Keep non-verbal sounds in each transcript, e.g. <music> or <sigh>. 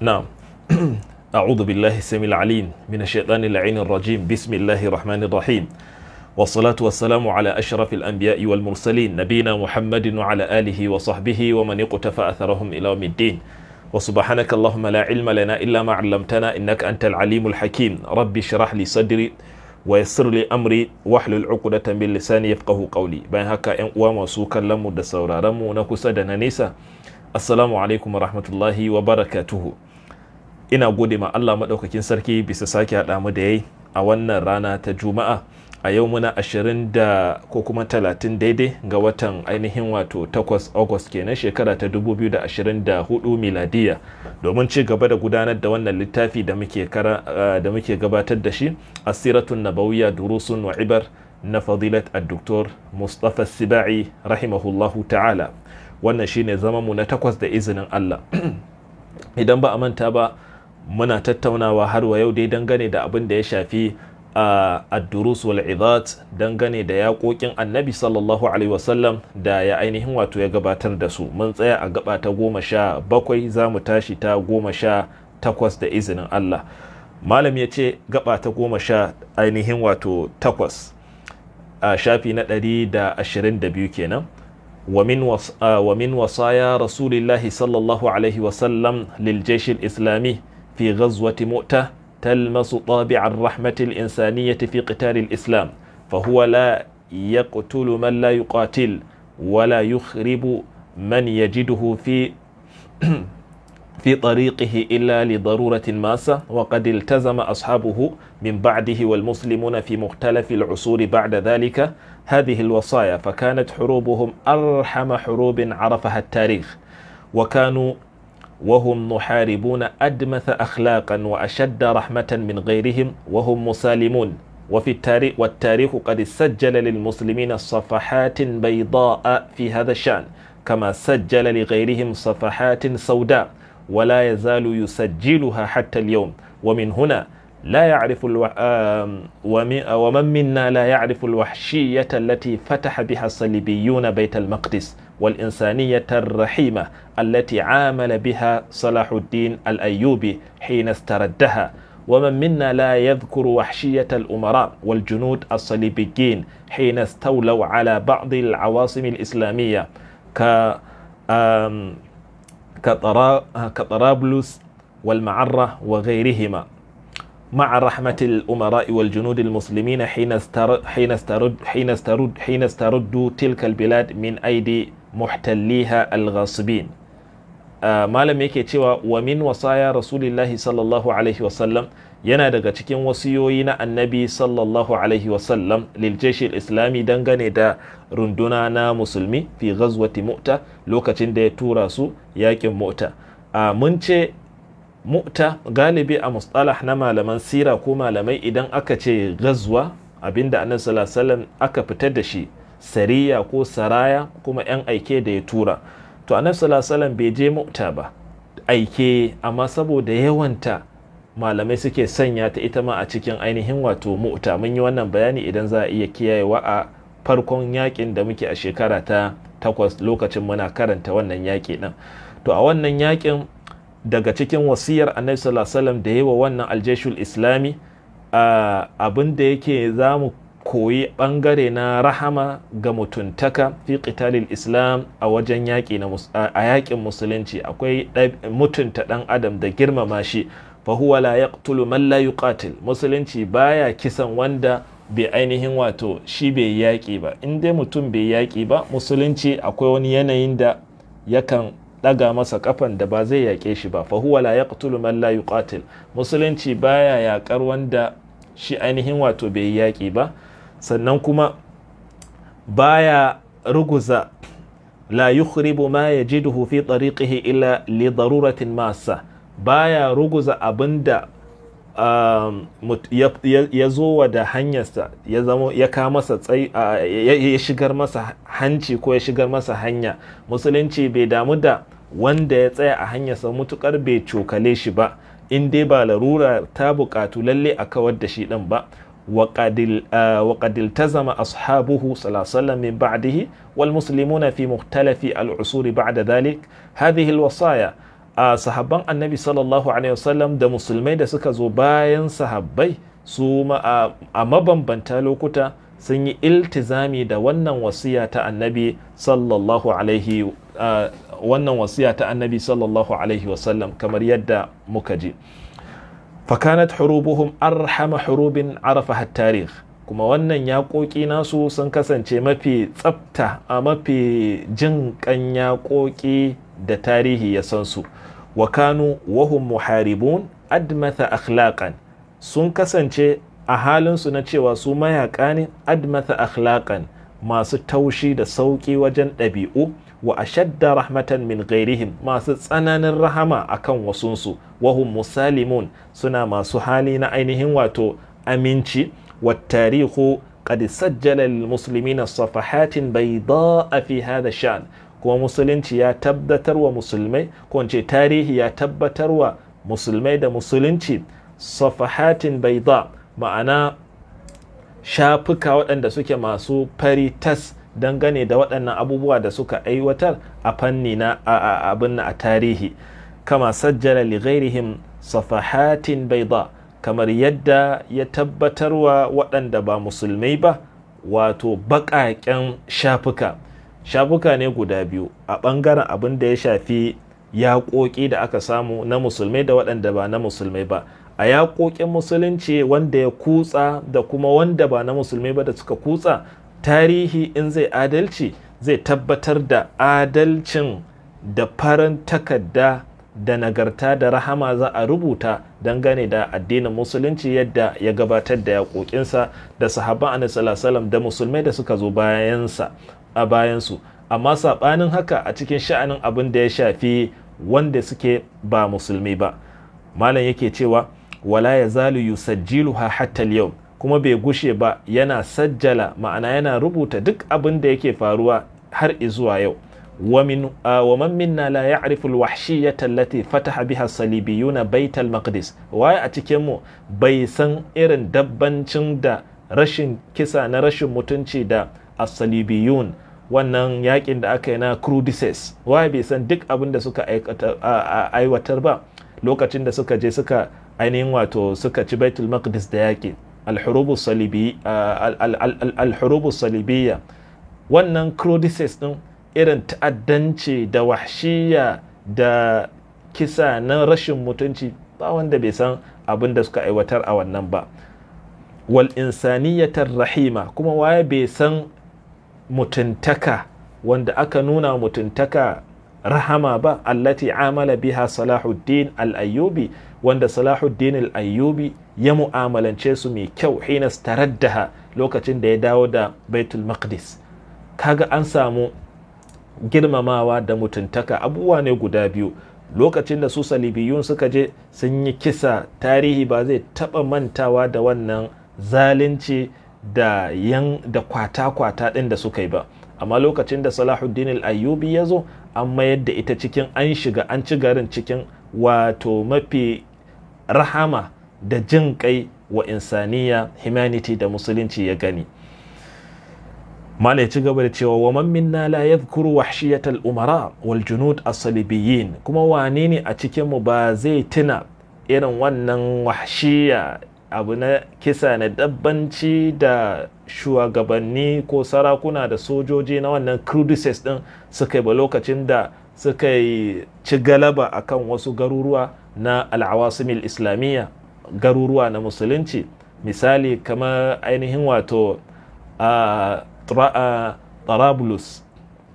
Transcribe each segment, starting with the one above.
نعم <clears throat> أعوذ بالله السميع العليم من الشيطان اللعين الرجيم بسم الله الرحمن الرحيم والصلاة والسلام على أشرف الأنبياء والمرسلين نبينا محمد وعلى آله وصحبه ومن اقتفى أثرهم إلى يوم الدين وسبحانك اللهم لا علم لنا إلا ما علمتنا إنك أنت العليم الحكيم رب اشرح لي صدري ويسر لي أمري واحلل العقدة من لساني يفقه قولي بين هكا وما سوكا لمو دسورا رمو نكسدنا نيسا السلام عليكم ورحمة الله وبركاته ina gode ma Allah maɗaukakin sarki bisa sake haɗa mu da yayi a wannan rana ta juma'a a yau muna ashirin da ko kuma talatin daidai ga watan ainihin wato takwas august kenan shekara ta dubu biyu da da ashirin hudu miladiya domin ci gaba da gudanar da wannan littafi da muke eh, gabatar da shi a asiratun nabawiyya durusun wa ibar na fadilat a dr Mustapha Sibai rahimahullahu ta'ala wannan shine mu na takwas da izinin Allah <clears throat> idan ba a manta ba muna tattaunawa har wa yau dai dangane da abin da ya shafi a addurus wal idat dangane da yaƙoƙin annabi sallallahu alaihi wasallam da ya ainihin wato ya gabatar da su mun tsaya a gaba ta goma sha bakwai za mu tashi ta goma sha takwas da izinin Allah malam ya ce gaba ta goma sha ainihin wato takwas a shafi na ɗari da ashirin da biyu kenan ومن وصايا رسول الله صلى الله عليه وسلم للجيش الإسلامي في غزوة مؤتة تلمس طابع الرحمة الإنسانية في قتال الإسلام فهو لا يقتل من لا يقاتل ولا يخرب من يجده في <clears throat> في طريقه إلا لضرورة ماسة وقد التزم أصحابه من بعده والمسلمون في مختلف العصور بعد ذلك هذه الوصايا فكانت حروبهم أرحم حروب عرفها التاريخ وكانوا وهم محاربون أدمث أخلاقا وأشد رحمة من غيرهم وهم مسالمون وفي التاريخ والتاريخ قد سجل للمسلمين صفحات بيضاء في هذا الشأن كما سجل لغيرهم صفحات سوداء ولا يزال يسجلها حتى اليوم ومن هنا لا يعرف الوح... ومن منا لا يعرف الوحشية التي فتح بها الصليبيون بيت المقدس والإنسانية الرحيمة التي عامل بها صلاح الدين الأيوبي حين استردها ومن منا لا يذكر وحشية الأمراء والجنود الصليبيين حين استولوا على بعض العواصم الإسلامية ك كطرابلس والمعرة وغيرهما مع رحمة الأمراء والجنود المسلمين حين استرد حين استرد حين استرد حين استردوا تلك البلاد من أيدي muhtalliha al-ghasibin ah, malam yake cewa wa min wasaya rasulillahi sallallahu alaihi wasallam yana daga cikin wasiyoyi na annabi sallallahu alaihi wasallam lil islami dangane da runduna na musulmi fi ghazwati mu'ta lokacin da ya tura su yakin mu'ta ah, mun ce mu'ta galibi a mustalah na malaman sira ko malamai idan aka ce ghazwa abinda annabi sallallahu alaihi wasallam aka fitar da shi sariya ko saraya kuma 'yan aike da ya tura to annabi sallallahu bai je mu'ta ba aike amma saboda yawanta malamai suke sanya ta ita ma a cikin ainihin wato mu'ta mun yi wannan bayani idan za a iya kiyayewa a farkon yakin da muke a shekara ta takwas lokacin muna karanta wannan yaƙi ɗin to a wannan yaƙin daga cikin wasiyar annabi sallallahu alaihi wasallam da wa wannan aljeshul islami abin da yake za mu koyi ɓangare na rahama ga mutuntaka fi qitalil islam a wajen yaƙi a yaƙin musulunci akwai mutunta ɗan adam da girmama shi fa huwa la yaqtulu man la yuqatil musulunci baya kisan wanda bai ainihin wato shi bai yaƙi ba in dai mutum bai yaƙi ba musulunci akwai wani yanayin da yakan ɗaga masa kafan da ba zai yaƙe shi ba fa huwa la yaqtulu man la yuqatil musulunci baya yaƙar wanda shi ainihin wato bai yaƙi ba sannan kuma baya ruguza la yukhribu ma yajiduhu fi tariqihi illa li daruratin masa baya ruguza abinda um, ya zo wa da hanyarsa ya zamo ya ka masa tsayi ya shigar masa hanci ko ya shigar masa hanya musulunci bai damu da wanda ya tsaya a hanyarsa mutukar bai cokale shi ba in dai ba larura ta bukatu lalle a kawar da shi din ba وقد التزم أصحابه صلى الله عليه وسلم من بعده والمسلمون في مختلف العصور بعد ذلك هذه الوصايا annabi sallallahu da musulmai da suka zo bayan sahabbai su a mabambanta lokuta sun yi iltizami da wannan wasiya ta annabi sallallahu kamar yadda muka ji fakanat hurubuhum arhama hurubin arafaha tarih kuma wannan yaƙoƙi nasu sun kasance mafi tsafta a mafi jin kan yaƙoƙi da tarihi ya san su wa kanu wahum muharibun admatha akhlaqan sun kasance a halinsu na cewa su mayaƙa ne admatha akhlaqan masu taushi da sauƙi wajen ɗabi'u wa ashadda rahmatan min ghairihim masu tsananin rahama akan wasunsu wahum musalimun suna masu hali na ainihin wato aminci wa tarihu qad sajjala lil muslimina safahatin bayda'a fi hadha shan kuma musulunci ya tabbatar wa musulmai ko tarihi ya tabbatar wa musulmai da musulunci safahatin bayda ma'ana shafuka waɗanda suke masu fari tas dangane da waɗannan abubuwa da suka aiwatar a fanni na abin a tarihi kama sajjala li ghairihim safahatin baida kamar yadda ya tabbatarwa waɗanda ba musulmai ba wato baƙaƙen shafuka shafuka ne guda biyu a ɓangaren abin da ya shafi yaƙoƙi da aka samu na musulmai da waɗanda ba na musulmai ba a yaƙoƙin musulunci wanda ya kutsa da kuma wanda ba na musulmai ba da suka kutsa tarihi in zai adalci zai tabbatar da adalcin da farin takarda da nagarta da rahama za a rubuta dangane da addinin musulunci yadda ya gabatar da yaƙoƙinsa da sahabban annabi da musulmai da suka zo bayansa a bayansu amma saɓanin haka a cikin sha'anin abin da ya shafi wanda suke ba musulmi ba malam yake cewa wala ya zalu yusajjiluha hatta yau kuma bai gushe ba yana sajjala ma'ana yana rubuta duk abin da yake faruwa har izuwa yau wa man minna la ya'rifu al-wahshiyata allati fataha biha salibiyuna bait maqdis waye a cikin mu bai san irin dabbancin da rashin kisa na rashin mutunci da as-salibiyun wannan yakin da aka yi na crudices waye bai san duk abin da suka aiwatar ba lokacin da suka je suka ainihin wato suka ci baitul maqdis da yaƙi alhurubu salibiyya wannan crudices din irin ta'addanci da wahshiya da kisa na rashin mutunci ba wanda bai san abin da suka aiwatar a wannan ba wal insaniyatar rahima kuma waye bai san mutuntaka wanda aka nuna mutuntaka rahama ba allati amala biha salahuddin al-ayyubi wanda salahuddin al-ayyubi ya mu'amalance su mai kyau hina staraddaha lokacin da ya dawo da baitul maqdis kaga an samu girmamawa da mutuntaka abubuwa ne guda biyu lokacin da su salibiyun suka je sun yi kisa tarihi ba zai taba mantawa da wannan zalunci da yan da kwata-kwata ɗin da suka yi ba amma lokacin da salahuddin al-ayyubi ya zo an mayar da ita cikin an shiga an ci garin cikin wato mafi rahama da jin kai wa insaniya humanity da musulunci ya gani mala ya ci gaba da cewa waman minna la yadhkuru wahshiyatal umara wal junud as salibiyin kuma wane ne a cikin mu ba zai tuna irin wannan wahshiya abu na kisa na dabbanci da shugabanni ko sarakuna da sojoji na wannan crudices din suka yi ba lokacin da suka yi ci galaba a kan wasu garuruwa na al'awasimil islamiyya garuruwa na musulunci misali kamar ainihin wato a tarablus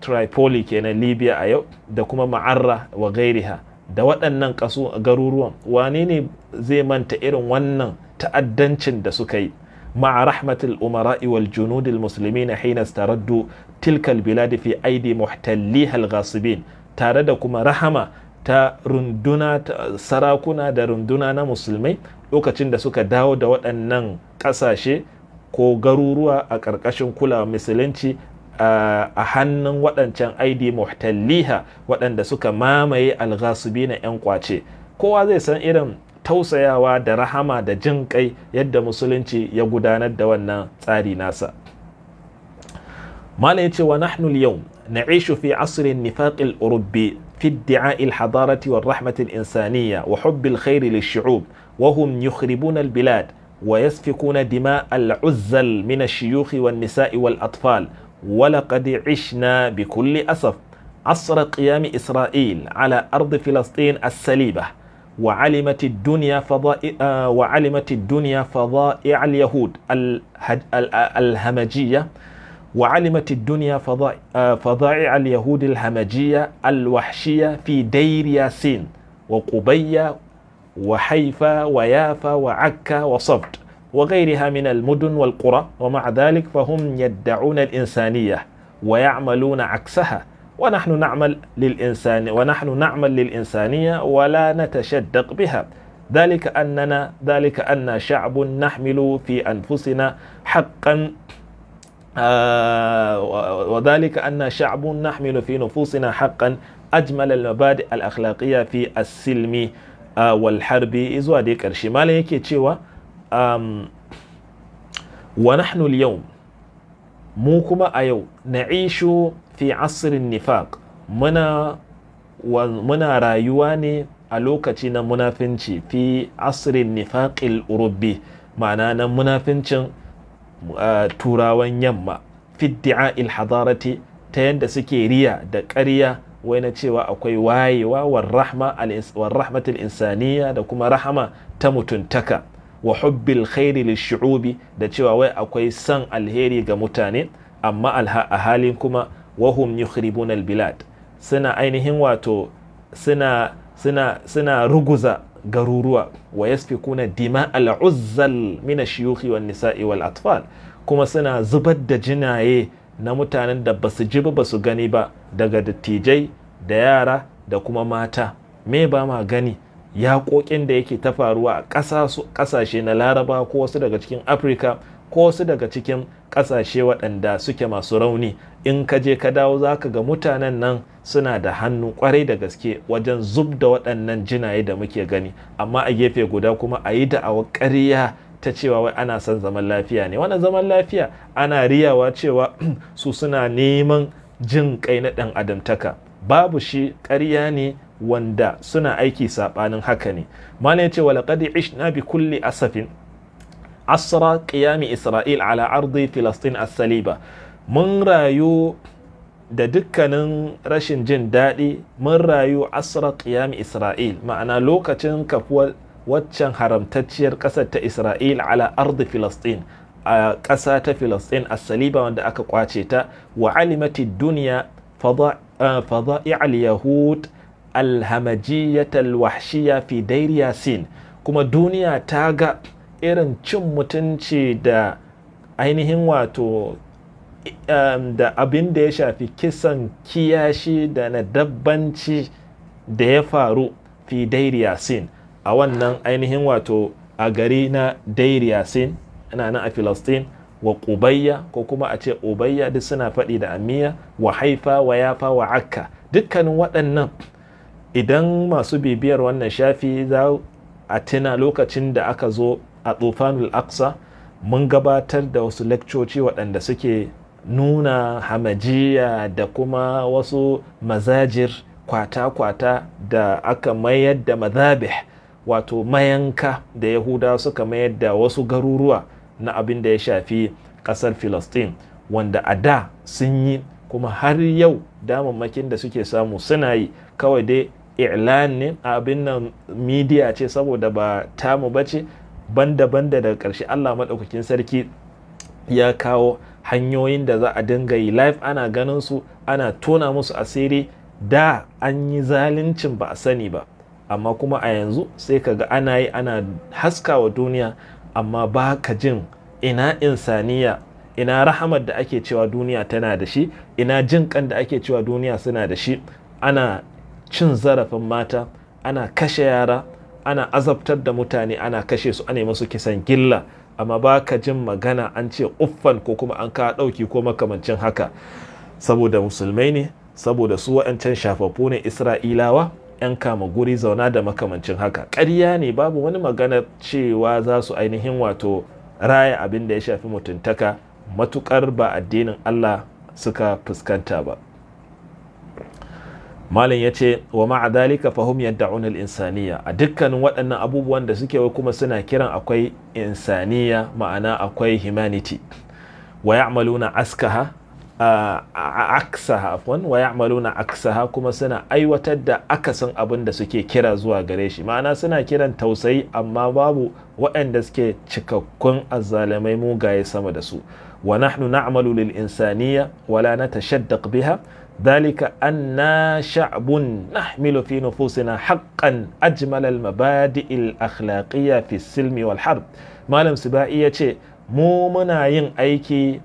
Tripoli kenan Libya a yau da kuma Ma'arra wa gairiha da waɗannan garuruwan wane ne zai manta irin wannan ta'addancin da suka yi مع رحمة الأمراء والجنود المسلمين حين استردوا تلك البلاد في أيدي tare da kuma رحمة ta sarakuna da runduna na musulmai lokacin da suka dawo da waɗannan ƙasashe ko garuruwa a ƙarƙashin kula musulunci a hannun waɗancan aidi muhtalliha waɗanda suka mamaye alghasubi na 'yan kwace kowa zai san irin tausayawa da rahama da jin kai yadda musulunci ya gudanar da wannan tsari nasa malam yace wa nahnu al-yawm na'ishu fi asr an-nifaq al-urubbi في ادعاء الحضارة والرحمة الإنسانية وحب الخير للشعوب وهم يخربون البلاد ويسفكون دماء العزل من الشيوخ والنساء والأطفال ولقد عشنا بكل أسف عصر قيام إسرائيل على أرض فلسطين السليبة وعلمت الدنيا فضائع آه، وعلمت الدنيا فضائع اليهود الهمجية وعلمت الدنيا آه، فضائع اليهود الهمجية الوحشية في دير ياسين وقبية وحيفا ويافا وعكا وصفد وغيرها من المدن والقرى ومع ذلك فهم يدعون الإنسانية ويعملون عكسها ونحن نعمل للإنسان ونحن نعمل للإنسانية ولا نتشدق بها ذلك أننا ذلك أن شعب نحمل في أنفسنا حقا آه وذلك أن شعب نحمل في نفوسنا حقا أجمل المبادئ الأخلاقية في السلم آه والحرب إذ وادي كرشمالي ونحن اليوم مو كما أيو نعيش fi asirin nifaq muna muna rayuwa ne a lokaci na munafinci fi asirin nifaqil urubbi ma'ana na munafincin turawan yamma il hadarati ta yadda suke riya da ƙarya wai na cewa akwai wayewa wa rahmatul insaniya da kuma rahama ta mutuntaka wa hubbil khairi lishu'ubi da cewa wai akwai san alheri ga mutane amma a halin kuma wahum yukhribuna albilad suna ainihin wato suna suna suna ruguza garuruwa wa yasfikuna dima al'uzzal min ash-shuyukhi wan nisa'i wal atfal kuma suna zubar da jinaye na mutanen da basu ji ba basu gani ba daga dattijai da yara da kuma mata me ba ma gani yaƙoƙin da yake ta faruwa a ƙasashe na laraba ko wasu daga cikin afirka ko wasu daga cikin ƙasashe waɗanda suke masu rauni in ka je ka dawo za ka ga mutanen nan suna da hannu kwarai da gaske wajen zub da waɗannan jinaye da muke gani amma a gefe guda kuma a yi da'awar ƙarya ta cewa wai ana son zaman lafiya ne wannan zaman lafiya ana riyawa cewa <clears throat> su suna neman jin kai na ɗan adamtaka babu shi ƙarya ne wanda suna aiki saɓanin haka ne mana ya ce wa ishna bi kulli asafin asra qiyami isra'il ala ardi filastin as-saliba mun rayu da dukkanin rashin jin daɗi mun rayu asra qiyam isra'il ma'ana lokacin kafuwar waccan haramtacciyar ƙasar ta isra'il ala ardi filastin a ƙasa ta filastin a saliba wanda aka kwace ta wa alimati duniya fada'i'al yahud alhamajiyatal wahshiya fi dairiya sin kuma duniya ta ga irin cin mutunci da ainihin wato Um, da abin da ya shafi kisan kiyashi da na dabbanci da ya faru fi dairi yasin a wannan ainihin wato a gari na dairi yasin ana nan a filastin wa ƙubayya ko kuma a ce ubayya duk suna faɗi da amiya wa haifa wa yafa wa akka dukkanin waɗannan idan masu bibiyar wannan shafi za a tuna lokacin da aka zo a tsofanul aksa mun gabatar da wasu lekcoci waɗanda suke nuna hamajiya da kuma wasu mazajir kwata-kwata da aka mayar da mazabih wato mayanka da yahuda suka mayar da wasu garuruwa na abin da ya shafi ƙasar filistin wanda a da sun yi kuma har yau damammakin da suke samu suna yi kawai dai i'lan ne abin nan midiya ce saboda ba tamu ba ce banda-banda daga ƙarshe allah maɗaukakin sarki ya kawo hanyoyin da za a dinga yi live ana ganin su ana tona musu asiri da an yi zaluncin ba a sani ba amma kuma a yanzu sai ka ga ana yi ana haska wa duniya amma ba ka jin ina insaniya ina rahamar da ake cewa duniya tana da shi ina jin kan da ake cewa duniya suna da shi ana cin zarafin mata ana kashe yara ana azabtar da mutane ana kashe su ana yi musu kisan gilla amma ba ka jin magana an ce uffan ko kuma an ka ɗauki ko makamancin haka saboda musulmai ne saboda su wa'ancan shafaffu ne isra'ilawa 'yan kama guri zauna da makamancin haka ƙarya ne babu wani magana cewa za su ainihin wato raya abin da ya shafi mutuntaka matuƙar ba addinin allah suka fuskanta ba malam ya ce wa ma'a fahim yadda al-insaniya a dukkanin waɗannan abubuwan da suke wai kuma suna kiran akwai insaniya ma'ana akwai humanity wa ya'maluna askaha aksaha afwan wa ya'maluna aksaha kuma suna aiwatar da akasin abin da suke kira zuwa gare shi ma'ana suna kiran tausayi amma babu waɗanda suke cikakkun azzalamai mugaye sama da su wa nahnu na'malu lil insaniya wa la natashaddaq biha dhalika anna sha'bun nahmilu fi nufusina haqqan ajmal al mabadi' al akhlaqiyya fi silmi wal harb malam sibai yace mu muna yin aiki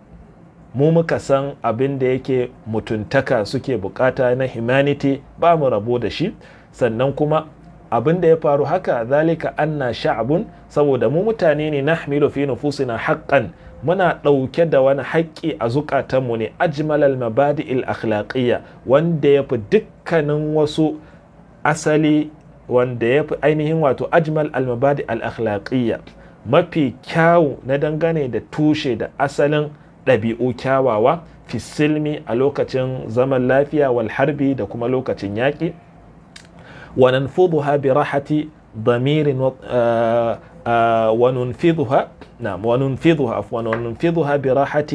mu muka san abin da yake mutuntaka suke buƙata na humanity ba mu rabo da shi sannan kuma abin da ya faru haka dalika anna sha'bun saboda mu mutane ne nahmilu fi nufusina haqqan muna ɗauke da wani haƙƙi a zukatanmu ne ajmalal mabadi'il akhlaqiyya wanda ya fi dukkanin wasu asali wanda ya fi ainihin wato ajmal al mabadi mafi kyawu na dangane da tushe da asalin ɗabi'u kyawawa fi silmi a lokacin zaman lafiya wal harbi da kuma lokacin yaƙi wa nanfudhuha bi rahati damirin eh, وننفذها نعم وننفذها عفوا وننفذها براحة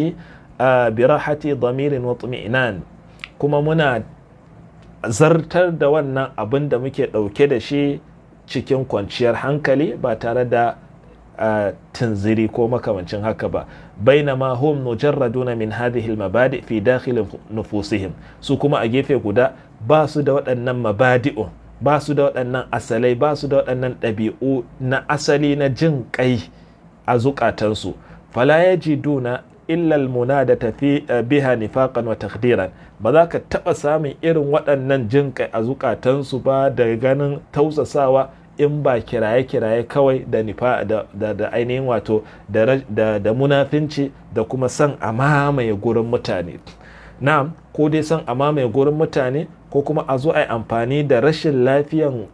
براحة ضمير واطمئنان كما منا zartar da wannan abin da muke ɗauke da shi cikin kwanciyar hankali ba tare da tunziri ko makamancin haka ba baina ma hum mujarraduna min hadhihi mabadi fi dakhil nufusihim su kuma a gefe guda ba su da waɗannan mabadi'un ba su da waɗannan asalai ba su da waɗannan ɗabi'u na asali na jin ƙai a zukatansu fala ya ji duna illal muna da tafi eh, biha nifaqan wa takdiran ba za ka taɓa samun irin waɗannan jin ƙai a zukatansu ba da ganin tausasawa in ba kiraye-kiraye kawai da nifa da, ainihin wato da, munafinci da kuma san a mamaye gurin mutane na'am ko dai san a mamaye gurin mutane ko kuma a zo a yi amfani da rashin lafiyan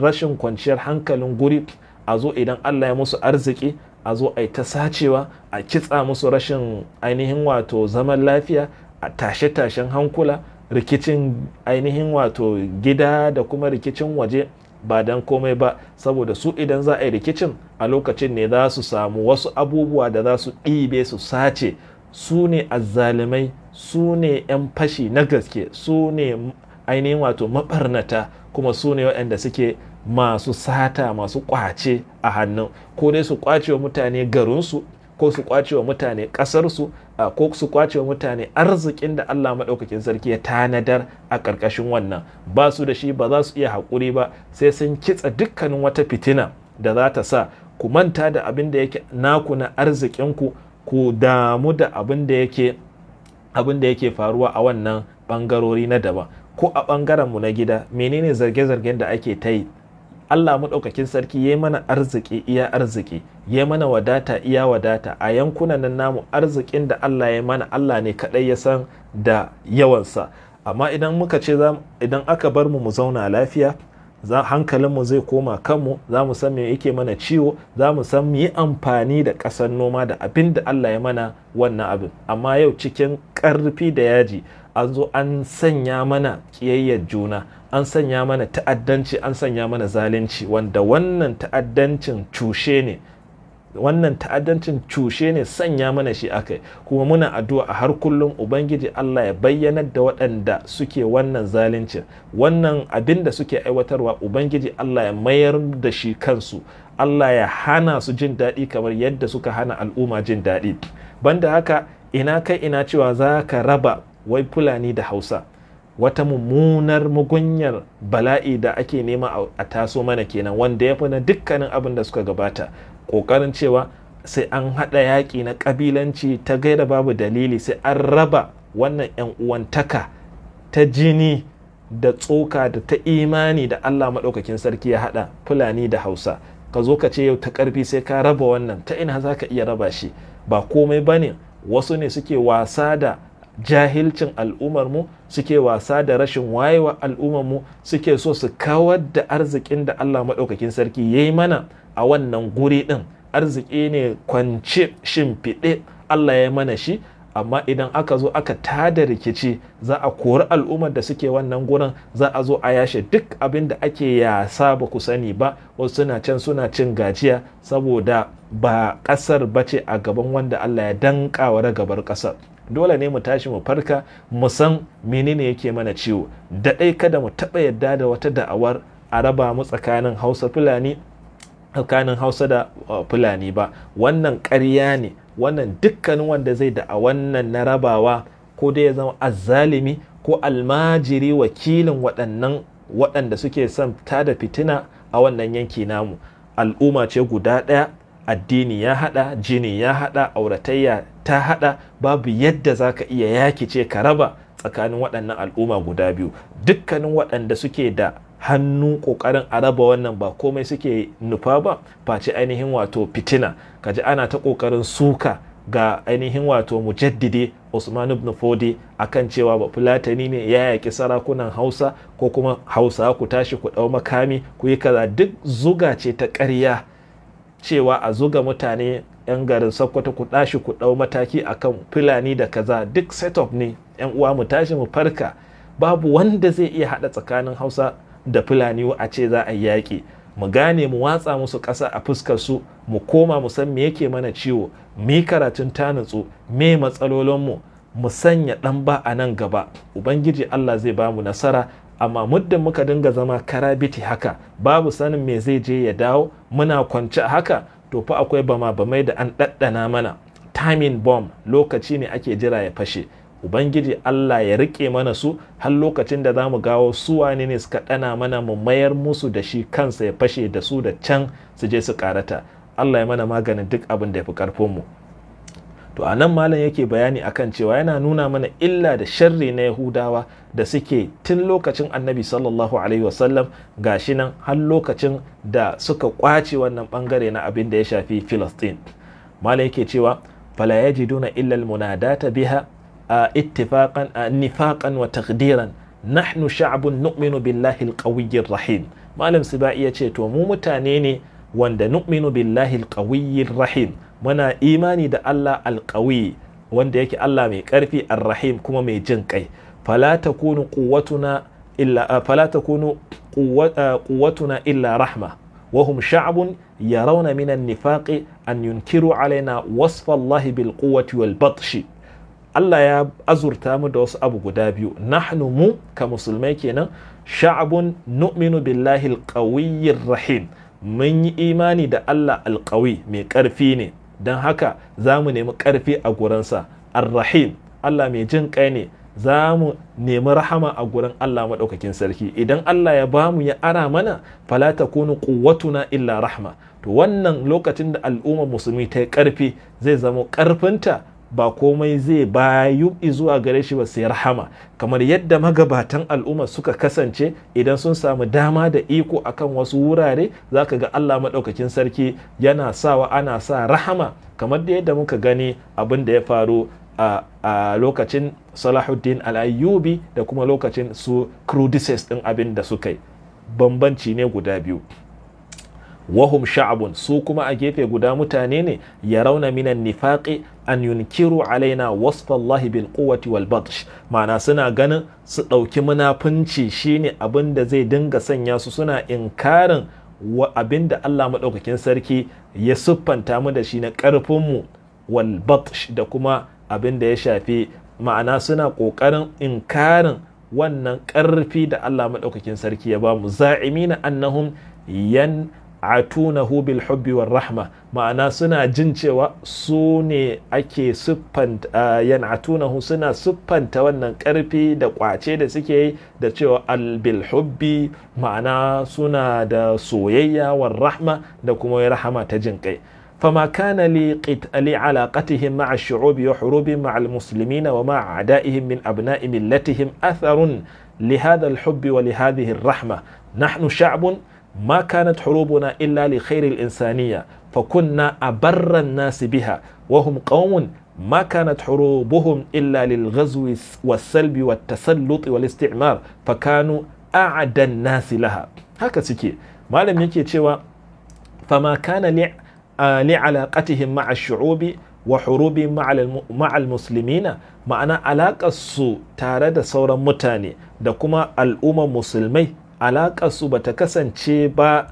rashin kwanciyar hankalin guri a zo idan Allah ya musu arziki a zo a yi ta sacewa a kitsa musu rashin ainihin wato zaman lafiya a tashe-tashen hankula rikicin ainihin wato gida da kuma rikicin waje ba dan komai ba saboda su idan za a yi rikicin a lokacin ne za su samu wasu abubuwa da za su ɗibe su sace su ne azzalimai su ne 'yan fashi na gaske su ne ainihin wato mabarnata kuma su ne waɗanda suke masu sata masu kwace a hannun ko dai su kwace wa mutane garinsu ko su kwace wa mutane ƙasarsu ko su kwace wa mutane arzikin da Allah maɗaukakin sarki ya tanadar a ƙarƙashin wannan ba su da shi ba za su iya haƙuri ba sai sun kitsa dukkanin wata fitina da za ta sa ku manta da abin da yake naku na arzikinku ku damu da abin da yake abin da yake faruwa a wannan ɓangarori na daban ko a bangaren mu na gida menene zarge-zargen da ake ta yi Allah maɗaukakin sarki ya mana arziki iya arziki ya mana wadata iya wadata a yankunan nan namu arzikin da Allah ya mana Allah ne kaɗai ya san da yawansa amma idan muka ce idan aka bar mu mu zauna lafiya hankalinmu zai koma kanmu za mu san me yake mana ciwo za mu san mu yi amfani da ƙasar noma da abin da Allah ya mana wannan abin amma yau cikin ƙarfi da yaji an zo an sanya mana ƙiyayyar juna an sanya mana ta'addanci an sanya mana zalunci wanda wannan ta'addancin cushe ne wannan ta'addancin cushe ne sanya mana shi akai kuma muna addu'a a har kullum ubangiji Allah ya bayyanar da waɗanda suke wannan zalincin wannan abin da suke aiwatarwa ubangiji Allah ya mayar da shi kansu Allah ya hana su jin daɗi kamar yadda suka hana al'umma jin daɗi banda haka ina kai ina cewa za ka raba wai fulani da hausa wata mummunar mugunyar bala'i da ake nema a taso mana kenan wanda ya fi na dukkanin abin da suka gabata ƙoƙarin cewa sai an haɗa yaƙi na ƙabilanci ta gaira babu dalili sai an raba wannan 'yan uwantaka ta jini da tsoka da ta imani da Allah maɗaukakin sarki ya haɗa fulani da hausa ka zo ka ce yau ta ƙarfi sai ka raba wannan ta ina za ka iya raba shi ba komai ba ne wasu ne suke wasa da jahilcin mu suke wasa da rashin wayewa mu suke so su kawar da arzikin da Allah maɗaukakin sarki ya yi mana a wannan guri ɗin arziki ne kwance shimfiɗe Allah ya mana shi amma idan aka zo aka tada rikici za a kori al'ummar da suke wannan gurin za a zo a yashe duk abin da ake yasa ba ku sani ba wasu suna can suna cin gajiya saboda ba ƙasar ba ce a gaban wanda Allah ya danka wa ragabar ƙasar dole ne mu tashi mu farka mu san menene yake mana ciwo da kada mu taɓa yadda da wata da'awar a raba mu tsakanin hausa fulani tsakanin hausa da uh, fulani ba wannan karya ne wannan dukkanin wanda zai da a wannan na rabawa ko dai ya zama azzalimi ko almajiri wakilin waɗannan waɗanda suke son ta da fitina a wannan yanki namu al'umma ce guda ɗaya addini ya haɗa jini ya haɗa auratayya ta haɗa babu yadda za ka iya yaki ce ka raba tsakanin waɗannan al'umma guda biyu dukkanin waɗanda suke da hannu kokarin a raba wannan ba komai suke nufa ba face ainihin wato fitina kaji ana ta kokarin suka ga ainihin wato mujaddide Usman ibn Fodi akan cewa ba Fulatani ne ya yaƙi sarakunan Hausa ko kuma Hausa ku tashi ku ɗau makami ku yi kaza duk zuga ce ta ƙarya cewa a zuga mutane 'yan garin Sokoto ku tashi ku ɗau mataki akan Fulani da kaza duk setup ne 'yan uwa mu tashi mu farka babu wanda zai iya hada tsakanin Hausa da fulani a ce za a yaƙi mu gane mu watsa musu ƙasa a fuskar su mu koma mu san me yake mana ciwo mi karatun ta nutsu me matsalolin mu mu sanya ɗan ba a nan gaba ubangiji allah zai ba mu nasara amma muddin muka dinga zama karabiti haka babu sanin me zai je ya dawo muna kwance haka to fa akwai bama bamai da an ɗanɗana mana timing bomb lokaci ne ake jira ya fashe ubangiji Allah ya rike mana su har lokacin da za mu gawo su wane ne suka ɗana mana mu mayar musu da shi kansa ya fashe da su da can su je su karata Allah ya mana maganin duk abin da ya fi karfin mu to a nan malam yake bayani akan cewa yana nuna mana illa da sharri na yahudawa da suke tun lokacin annabi sallallahu alaihi wasallam gashi nan har lokacin da suka kwace wannan bangare na abin da ya shafi filistin malam yake cewa fala yajiduna illa almunadata biha ittifaqan nifaqan wa taqdiran nahnu sha'bun nu'minu billahi alqawiyyir rahim malam sibai ya ce to mu mutane ne wanda nu'minu billahi alqawiyyir rahim muna imani da Allah alqawi wanda yake Allah mai karfi arrahim kuma mai jin kai fala takunu quwwatuna illa fala takunu quwwatuna illa rahma وهم شعب يرون من النفاق أن ينكروا علينا وصف الله بالقوة والبطش Allah ya azurta mu da wasu abu guda biyu nahnu mu ka musulmai kenan sha'abun nu'minu billahi alqawiyyir rahim mun yi imani da Allah alqawi mai ƙarfi ne don haka za mu nemi ƙarfi a gurinsa arrahim Allah mai jin kai ne za mu nemi rahama a gurin Allah maɗaukakin sarki idan Allah ya bamu ya ara mana fala ta kunu quwwatuna illa rahma to wannan lokacin da al'ummar musulmi ta yi ƙarfi zai zama ƙarfinta ba komai zai bayu zuwa gare shi ba sai rahama kamar yadda magabatan al'umma suka kasance idan sun samu dama da iko akan wasu wurare zaka ga Allah maɗaukakin sarki yana sawa ana sa rahama kamar da yadda muka gani abin da ya faru a, a lokacin Salahuddin al da kuma lokacin su Crudices din abin da suka yi bambanci ne guda biyu wahum sha'abun su kuma a gefe guda mutane ne ya rauna minan nifaƙi an yunkiru alaina wasfallahi bil quwwati wal batsh ma'ana suna ganin su ɗauki munafunci ne abin da zai dinga sanya su suna inkarin abin da Allah maɗaukakin sarki ya siffanta mu da shi na ƙarfinmu wal da kuma abin da ya shafi ma'ana suna ƙoƙarin inkarin wannan ƙarfi da Allah maɗaukakin sarki ya ba mu na annahun yan atunahu bil hubbi war rahma ma'ana suna jin cewa su ne ake siffanta yan atunahu suna siffanta wannan karfi da kwace da suke yi da cewa al bil hubbi ma'ana suna da soyayya war rahma da kuma rahama ta jin kai فما كان لعلاقتهم مع الشعوب وحروبهم مع المسلمين ومع أعدائهم من أبناء ملتهم أثر لهذا الحب ولهذه الرحمة نحن شعب ma kanat hurubuna illa li khairil insaniya fa kunna abarran nasi biha wa hum qaumun ما كانت حروبهم إلا للغزو والسلب والتسلط والاستعمار فكانوا أعدى الناس لها هكا سكي ما لم يكي تشوى فما كان لعلاقتهم مع الشعوب وحروبهم مع المسلمين معنى علاقة السوء تارد صورا متاني دكما الأمم مسلمي alaƙarsu ba ta kasance ba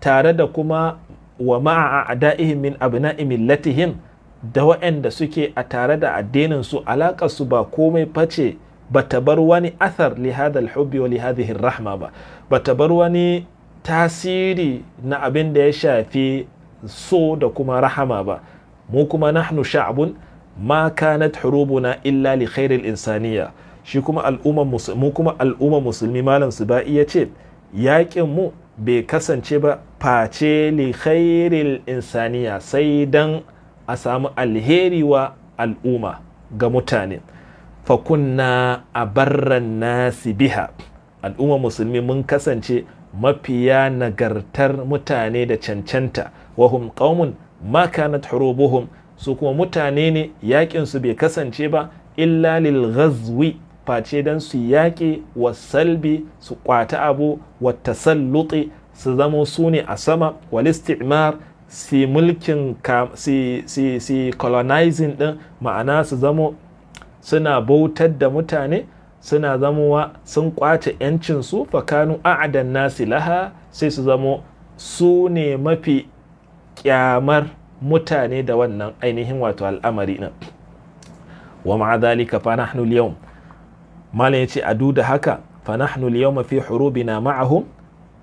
tare da kuma wa ma'a da'ihin min abna'i millatihim da waɗanda suke a tare da addinin su alaƙarsu ba komai face ba ta bar wani athar li hadal hubbi wa li hadhihi rahma ba ba ta bar wani tasiri na abin da ya shafi so da kuma rahama ba mu kuma nahnu sha'bun ma kanat hurubuna illa li khairil insaniya shi kuma al'umma mu kuma al'umma musulmi malam su suba'i ya ce yaƙin mu bai kasance ba face li khairil insaniya sai dan a samu alheri wa al'umma ga mutane fakunna a barran nasi biha al'umma musulmi mun kasance mafiya nagartar mutane da cancanta wahum qaumun ma kanat hurubuhum su kuma mutane ne yakin su bai kasance ba illa lil ghazwi face don su yaƙi wa salbi su kwata abu wa tasalluti su zamo su ne a sama wal si mulkin si colonizing din ma'ana su zamo suna bautar da mutane suna zamowa sun kwace yancinsu fakanu a'adan nasi laha sai su zamo su ne mafi kyamar mutane da wannan ainihin wato al'amari nan wa ma'a zalika fa nahnu al-yawm malam ya ce a duda haka fa nahnu al-yawma fi hurubina ma'ahum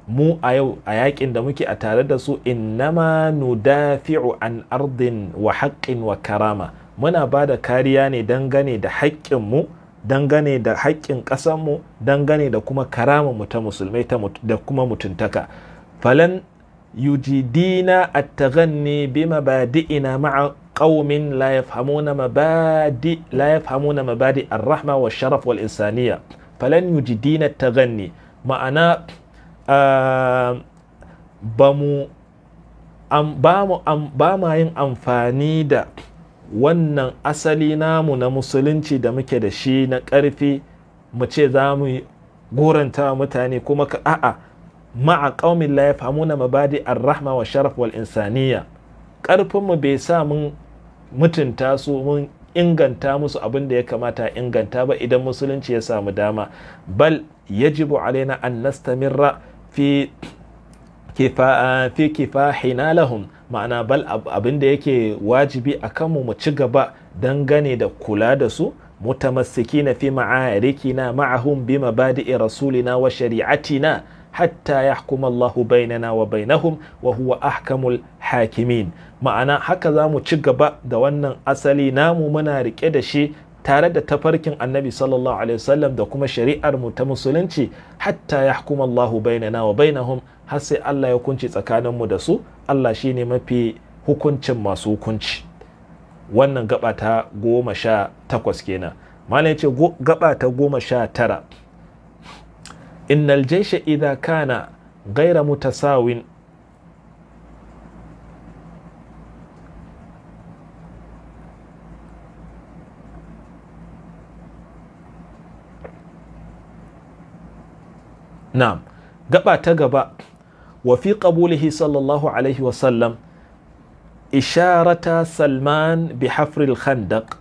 mu a yau a yakin da muke a tare da su innama nudafi'u an ardin wa haƙƙin wa karama muna ba da kariya ne dangane da haƙƙinmu dangane da haƙƙin ƙasanmu dangane da kuma karama mu ta musulmai da kuma mutuntaka falan yujidina at-taghanni bimabadi'ina ma'a qaumin la yafhamuna mabadi la yafhamuna mabadi ar-rahma wa sharaf wal insaniya falan yujidina at-taghanni ma'ana ba ba ma yin amfani da wannan asali namu na musulunci da muke da shi na karfi mu ce za mu goranta mutane kuma ka a'a ma'a ƙaumin la na mabadi ar-rahma wa sharaf wal insaniya karfin bai sa mun mutunta su mun inganta musu abin da ya kamata inganta ba idan musulunci ya samu dama bal yajibu alaina an nastamirra fi fi kifahina lahum ma'ana bal abin da yake wajibi a kanmu mu ci gaba gane da kula da su mutamassiki na fi ma'arikina ma'ahum bi mabadi'i rasulina wa shari'atina hatta yahkum Allahu bainana wa bainahum wa huwa ahkamul hakimin ma'ana haka za mu ci gaba da wannan asali namu muna rike da shi tare da tafarkin annabi sallallahu alaihi wasallam da kuma shari'ar mu ta musulunci hatta hukuma Allahu bainana wa bainahum har sai Allah ya hukunci tsakanin mu da su Allah shine mafi hukuncin masu hukunci wannan gaba ta goma sha takwas kenan malam ya ce gaba ta goma sha tara إن الجيش إذا كان غير متساو نعم قبع تقبع وفي قبوله صلى الله عليه وسلم إشارة سلمان بحفر الخندق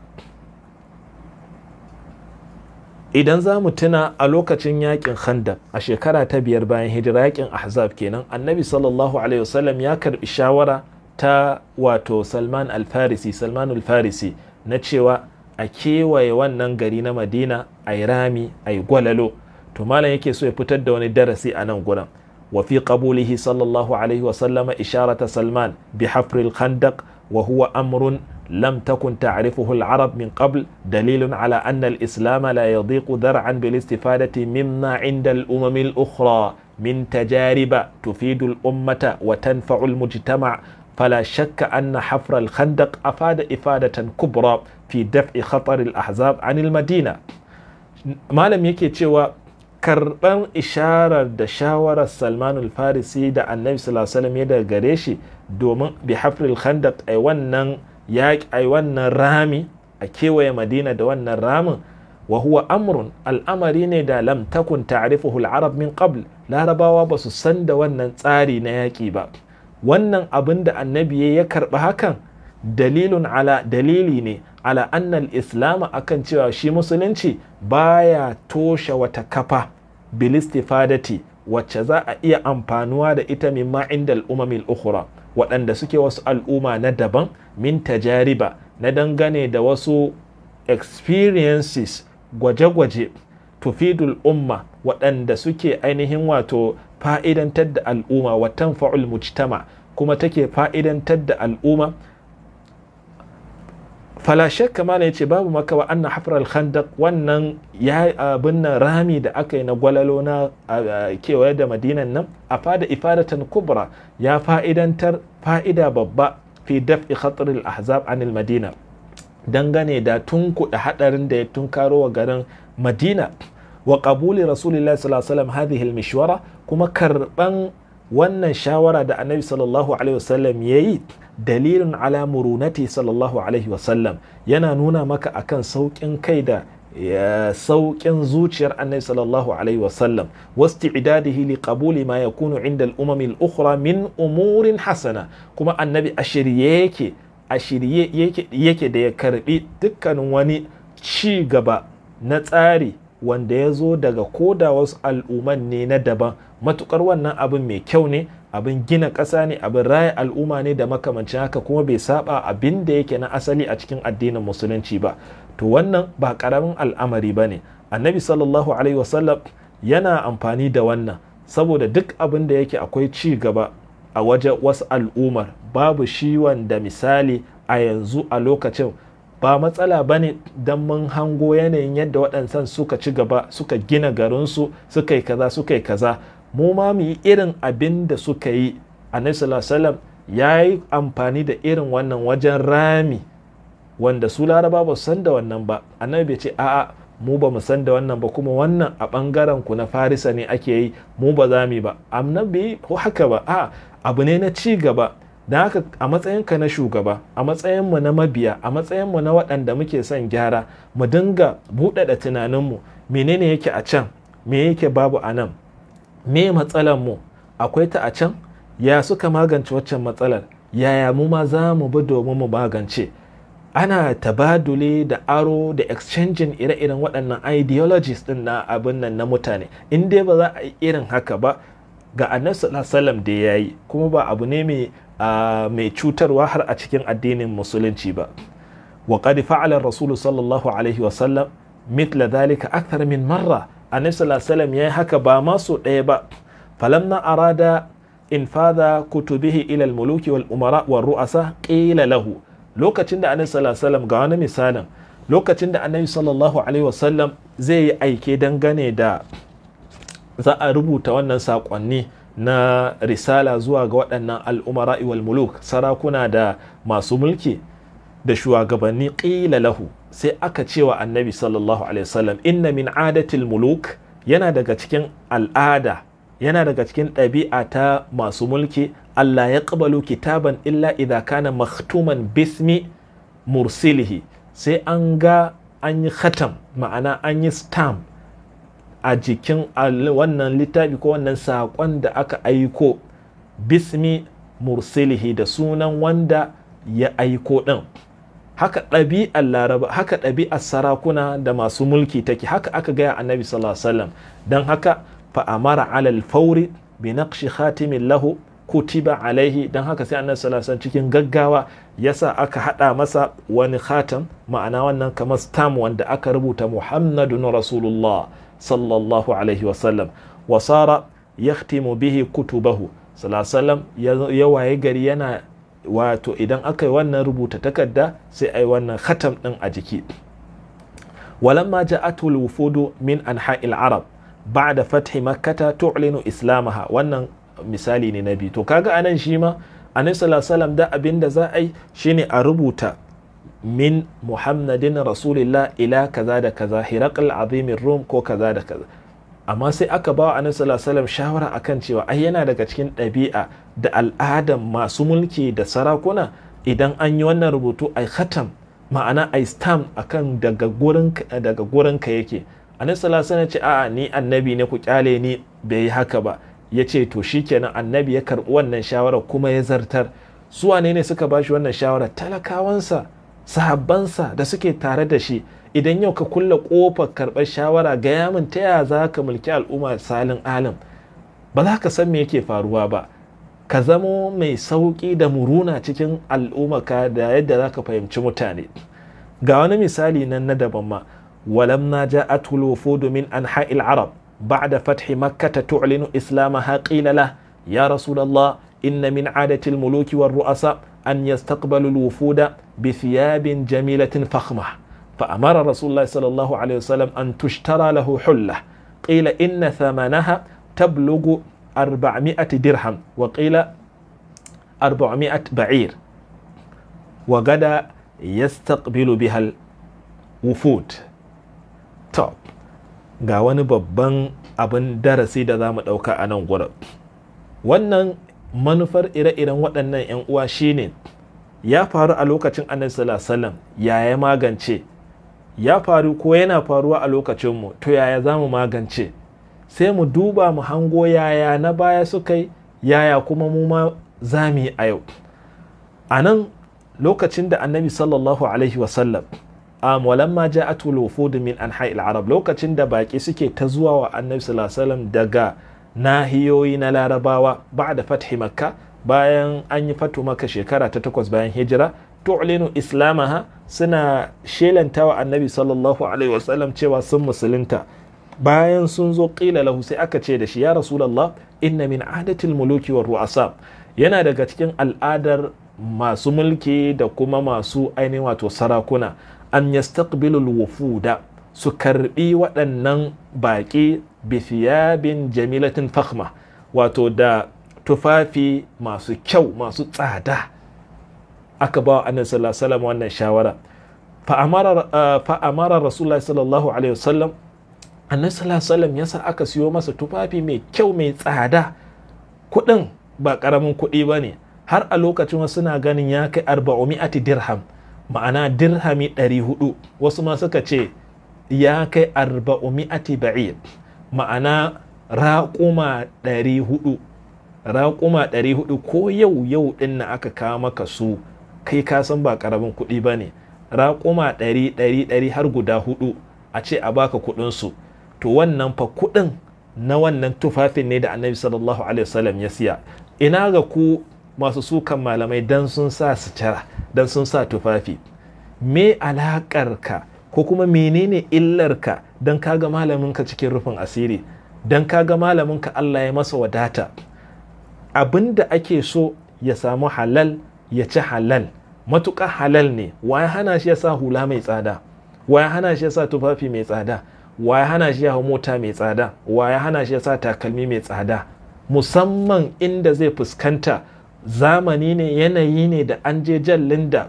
idan za mu tuna a lokacin yakin khandak a shekara ta biyar bayan hijira yakin ahzab kenan annabi sallallahu alaihi wasallam ya karbi shawara ta wato salman alfarisi salman alfarisi na cewa a kewaye wannan gari na madina a yi rami a yi gwalalo to malam yake so ya fitar da wani darasi a nan gurin wa fi qabulihi sallallahu alaihi wasallama isharata salman bi hafril khandaq wa huwa amrun lam takun ta'rifuhu al-arab min qabl dalilun ala anna al-islam la yadhiqu dar'an bil istifadati mimma 'inda al-umam al-ukhra min tajariba tufidu ummata wa tanfa'u al-mujtama' فلا شك أن حفر الخندق أفاد إفادة كبرى في دفع خطر الأحزاب عن المدينة ما لم يكي تشوى karɓar isharar da shawarar salman farisi da annabi sallallahu alaihi wasallam ya daga gare shi domin bi hafril khandaq ai wannan ai wannan rami a kewaye madina da wannan ramin wa huwa amrun al'amari ne da lam takun ta'rifuhu al-arab min qabl larabawa ba su san da wannan tsari na yaƙi ba wannan abin da annabi ya karɓi hakan dalilun ala dalili ne ala annal islama akan cewa shi musulunci baya toshe wata kafa bilistifadati wacce za a iya amfanuwa da ita mimma inda umamil ukhra waɗanda suke wasu al'umma na daban min tajariba na dangane da wasu experiences gwaje-gwaje tufidul umma waɗanda suke ainihin wato fa'idantar da al'umma watan fa'ul mujtama kuma take fa'idantar da al'umma fala shakka ma ya ce babu makawa anna hafral khandaq wannan ya abin nan rami da aka yi na gwalalo na kewaye da madinan nan a fada ifadatan kubra ya fa'idantar fa'ida babba fi daf'i khatril ahzab anil madina dangane da tunkuɗa hadarin da ya tunkaro wa garin madina wa qabuli rasulillahi sallallahu alaihi wasallam hadhihi al-mishwara kuma karban wannan shawara da annabi sallallahu alaihi wasallam ya yi dalilin ala murunati sallallahu alaihi wasallam yana nuna maka akan sauƙin kai da sauƙin zuciyar annabi sallallahu alaihi wasallam wasti'dadihi li qabuli ma yakunu inda al-umam min umurin hasana kuma annabi a shirye yake a shirye yake da ya karbi dukkanin wani ci gaba na tsari wanda ya zo daga ko da wasu al'umman ne na daban matukar wannan abin mai kyau ne abin gina ƙasa ne abin raya al'umma ne da makamancin haka kuma bai saba abin da yake na asali a cikin addinin musulunci ba to wannan ba ƙaramin al'amari ba ne annabi sallallahu alaihi wasallam yana amfani da wannan saboda duk abin da yake akwai ci gaba a waje wasu al'ummar babu shi wanda misali a yanzu a lokacin ba matsala ba ne don mun hango yanayin yadda waɗansan suka ci gaba suka gina garinsu suka yi kaza suka yi kaza mu ma mu yi irin abin da suka yi a sallallahu ya yi amfani da irin wannan wajen rami wanda su laraba ba san da wannan ba annabi bai ce a'a mu ba mu san da wannan ba kuma wannan a bangaren ku na farisa ne ake yi mu ba za mu yi ba annabi ko haka ba a'a abu ne na ci gaba don haka a matsayinka na shugaba a matsayinmu na mabiya a matsayinmu na waɗanda muke son gyara mu dinga buɗaɗa tunaninmu menene yake a can me yake babu a nan me matsalar mu akwai ta a can ya suka magance waccan matsalar yaya mu ma za mu bi domin mu magance ana tabadule da aro da exchanging ire-iren waɗannan ideologies ɗin na abin nan na mutane in dai ba za a yi irin haka ba ga annabi sallallahu alaihi wasallam da yayi kuma ba abu ne mai mai cutarwa har a cikin addinin musulunci ba wa qad fa'ala rasulu sallallahu alaihi wa sallam mithla dhalika akthar min marra annabi sallallahu alaihi wasallam yayi haka ba ma so ɗaya ba falamma arada fada kutubihi ila almuluki wal umara wal ru'asa qila lahu lokacin da annabi sallallahu alaihi wasallam ga wani misalin lokacin da annabi sallallahu alaihi wasallam zai yi aike dangane da za a rubuta wannan sakonni na risala zuwa ga waɗannan al'umma wal muluk sarakuna da masu mulki da shugabanni ƙila lahu sai aka cewa annabi sallallahu alaihi wasallam inna min adatil muluk yana daga cikin al'ada yana daga cikin ɗabi'a ta masu mulki Allah ya ƙabalu kitaban illa idha kana maktuman bismi mursilihi sai an ga an yi khatam ma'ana an yi stamp a jikin wannan littafi ko wannan saƙon da aka aiko bismi mursilihi da sunan wanda ya aiko ɗin haka ɗabi'ar laraba haka ɗabi'ar sarakuna da masu mulki take haka aka gaya annabi sallallahu alaihi don haka fa'amara alal fauri bi naqshi khatimin lahu kutiba alaihi don haka sai annabi sallallahu cikin gaggawa yasa aka hada masa wani khatam ma'ana wannan kamar stam wanda aka rubuta muhammadun rasulullah صلى الله عليه وسلم وصار يختم به كتبه صلى الله عليه وسلم يوعي غرينا wato idan aka yi wannan rubuta takarda sai a wannan khatam ɗin a jiki walamma ja'atul wufudu min anha'il arab ba'da fathi makkata tu'linu islamaha wannan misali ne na biyu to kaga anan shi ma annabi sallallahu alaihi da abin da za a yi shine a rubuta min muhammadin rasulillah ila kaza da kaza hirakal azimin rum ko kaza da kaza amma sai aka ba wa annabi sallallahu shawara akan cewa ai yana daga cikin ɗabi'a da al'adan masu mulki da sarakuna idan an yi wannan rubutu ai khatam ma'ana ai stamp akan daga gurin daga gurin ka yake annabi sallallahu alaihi ce a'a ni annabi ne ku kyale ni bai yi haka ba yace ce to shikenan annabi ya karɓi wannan shawara kuma ya zartar su wane ne suka bashi wannan shawara talakawansa sahabbansa da suke tare da shi idan yau ka kulla kofar karɓar shawara ga yamin ta yaya za ka mulki al'umma salin alam? ba za ka san me yake faruwa ba ka zamo mai sauƙi da muruna cikin al'ummaka da yadda za ka fahimci mutane ga wani misali nan na daban ma walam na ja atulo domin an ha'il arab da fathi makkata tu'linu islama qila la ya rasulallah inna min adatil muluki war ru'asa an yastaqbalu al-wufuda بثياب جميلة فخمة فأمر رسول الله صلى الله عليه وسلم أن تشترى له حلة قيل إن ثمنها تبلغ 400 درهم وقيل 400 بعير وغدا يستقبل بها الوفود طب ga wani babban abin darasi da za mu ɗauka a nan gurin wannan manufar ire-iren waɗannan 'yan uwa shine ya faru a lokacin annabi sallallahu alaihi wasallam magance ya faru ko yana faruwa a lokacinmu to yaya za mu magance sai mu duba mu hango yaya na baya suka yi yaya kuma mu ma za mu yi a yau a nan lokacin da annabi sallallahu alaihi wasallam am walamma ja'atul wufud min al arab lokacin da baki suke ta zuwa wa annabi sallallahu alaihi wasallam daga nahiyoyi na larabawa ba'da fathi makka bayan an yi fatu maka shekara ta takwas bayan hijira tu'linu islamaha suna shelantawa annabi sallallahu alaihi wasallam cewa sun musulunta bayan sun zo ƙila lahu sai aka ce da shi ya rasulallah inna min adatil muluki wa ru'asa yana daga cikin al'adar masu mulki da kuma masu ainihin wato sarakuna an yastaqbilul wufuda su karbi waɗannan baƙi bi thiyabin jamilatin fahma. wato da tufafi masu kyau masu tsada aka ba annabi sallallahu alaihi wasallam wannan shawara uh, fa amara rasulullahi sallallahu alaihi wasallam annabi sallallahu alaihi wasallam yasa aka siyo masa tufafi mai kyau mai tsada kuɗin ba ƙaramin kuɗi ba ne har a lokacin wasu na ganin ya kai arba'umi'ati dirham ma'ana dirhami ɗari hudu wasu ma suka ce ya kai arba'umi'ati ba'id ma'ana raƙuma ɗari hudu raƙuma 400 ko yau yau ɗin na aka kawo maka su kai ka san ba ƙaramin kuɗi ba ne raƙuma 100 100 har guda hudu a ce a baka kuɗin su to wannan fa kuɗin na wannan tufafin ne da annabi sallallahu alaihi wasallam ya siya ina ga ku masu sukan malamai dan sun sa dan sun sa tufafi me alakar ka ko kuma menene illar ka dan kaga malamin ka cikin rufin asiri dan kaga malamin ka Allah ya masa wadata abin da ake so ya samu halal ya ci halal matuƙa halal ne wa ya hana shi ya sa hula mai tsada wa ya hana shi ya sa tufafi mai tsada wa ya hana shi ya hau mota mai tsada wa ya hana shi ya sa takalmi mai tsada musamman inda zai fuskanta zamani ne yanayi ne da an je jan linda.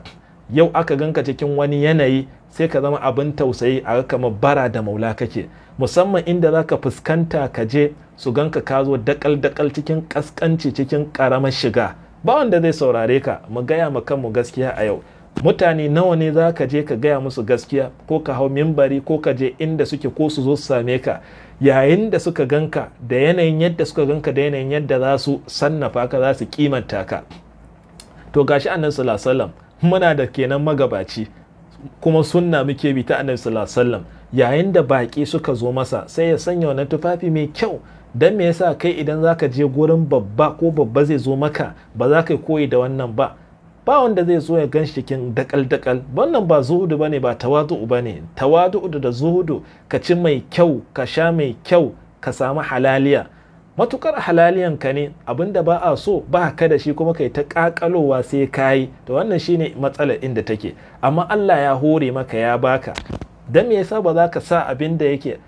yau aka ganka cikin wani yanayi sai ka zama abin tausayi a kama bara da maula kake musamman inda za ka fuskanta ka je su ganka ka zo dakal-dakal cikin kaskanci cikin karamar shiga ba wanda zai saurare ka mu gaya ma kanmu gaskiya a yau mutane nawa ne za ka je ka gaya musu gaskiya ko ka hau mimbari ko ka je inda suke ko su zo su same ka yayin da suka ganka da yanayin yadda suka ganka da yanayin yadda za su sannafa ka za su kimanta ka to gashi annan sallallahu muna da kenan magabaci kuma sunna muke bi ta annabi sallallahu alaihi yayin da baƙi suka zo masa sai ya sanya wannan tufafi mai kyau dan me yasa kai idan zaka je gurin babba ko babba zai zo maka ba za ka koyi da wannan ba ba wanda zai zo ya gan shi cikin dakal-dakal wannan ba zuhudu bane ba tawadu'u bane tawadu'u da zuhudu ka ci mai kyau ka sha mai kyau ka samu halaliya matukar ka ne abinda ba a so ba ka da shi kuma kai ta kakalowa sai kayi to wannan shine matsalar inda take amma Allah ya hore maka ya baka dan me yasa ba za ka sa abin da yake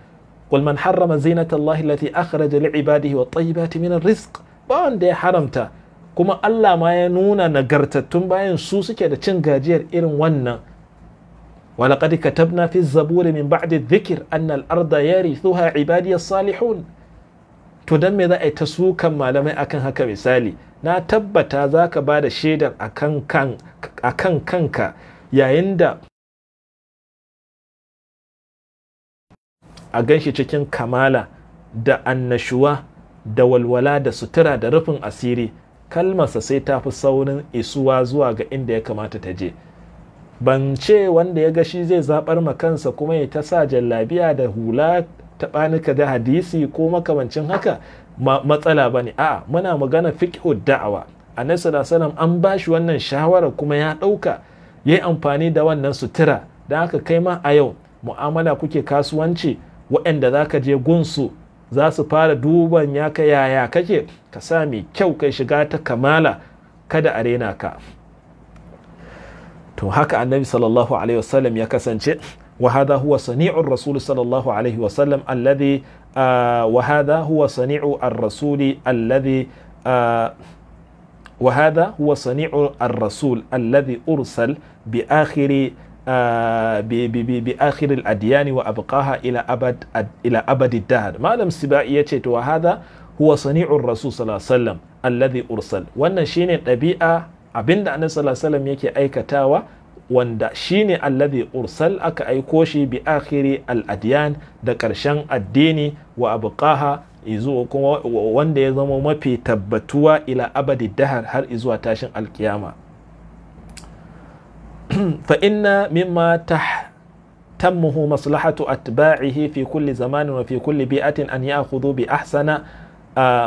qul man harrama zinata allahi allati akhraja li ibadihi wat tayyibati min rizq ba wanda ya haramta kuma Allah ma ya nuna nagartattun bayan su suke da cin gajiyar irin wannan ولقد كتبنا في الزبور من بعد الذكر أن الأرض يرثها عبادي الصالحون to don me za a yi ta sukan malamai akan haka misali na tabbata za ka ba da shaidar a kan kanka yayin da a ganshi cikin kamala da annashuwa da walwala da sutura da rufin asiri kalmasa sai ta fi saurin isuwa zuwa ga inda ya kamata ta je ban ce wanda ya gashi zai zaɓar ma kansa kuma ya ta sa jallabiya da hula ka da hadisi ko makamancin haka matsala ba ne a'a muna magana fiqhu da'awa annabi sallallahu an ba shi wannan shawara kuma ya ɗauka ya yi amfani da wannan sutura da haka kai ma a yau mu'amala kuke kasuwanci waɗanda za ka je gunsu za su fara duban ya ka yaya kake ka sa mai kyau kai shiga ta kamala kada a ka to haka annabi sallallahu alaihi wasallam ya kasance وهذا هو صنيع الرسول صلى الله عليه وسلم الذي آه وهذا هو صنيع الرسول الذي آه وهذا هو صنيع الرسول الذي أرسل بآخر آه بآخر الأديان وأبقاها إلى أبد إلى أبد الدهر ما لم سبائية وهذا هو صنيع الرسول صلى الله عليه وسلم الذي أرسل وأن شيني طبيعة صلى الله عليه وسلم wasallam أي aikatawa wanda shine alladhi ursal aka aiko shi bi akhiri al da ƙarshen addini wa abqaha izuwa wanda ya zama mafi tabbatuwa ila abadi dahar har izuwa tashin alkiyama <clears throat> fa inna mimma tahtammuhu maslahatu atba'ihi fi kulli zamanin wa fi kulli bi'atin an ya'khudhu bi ahsana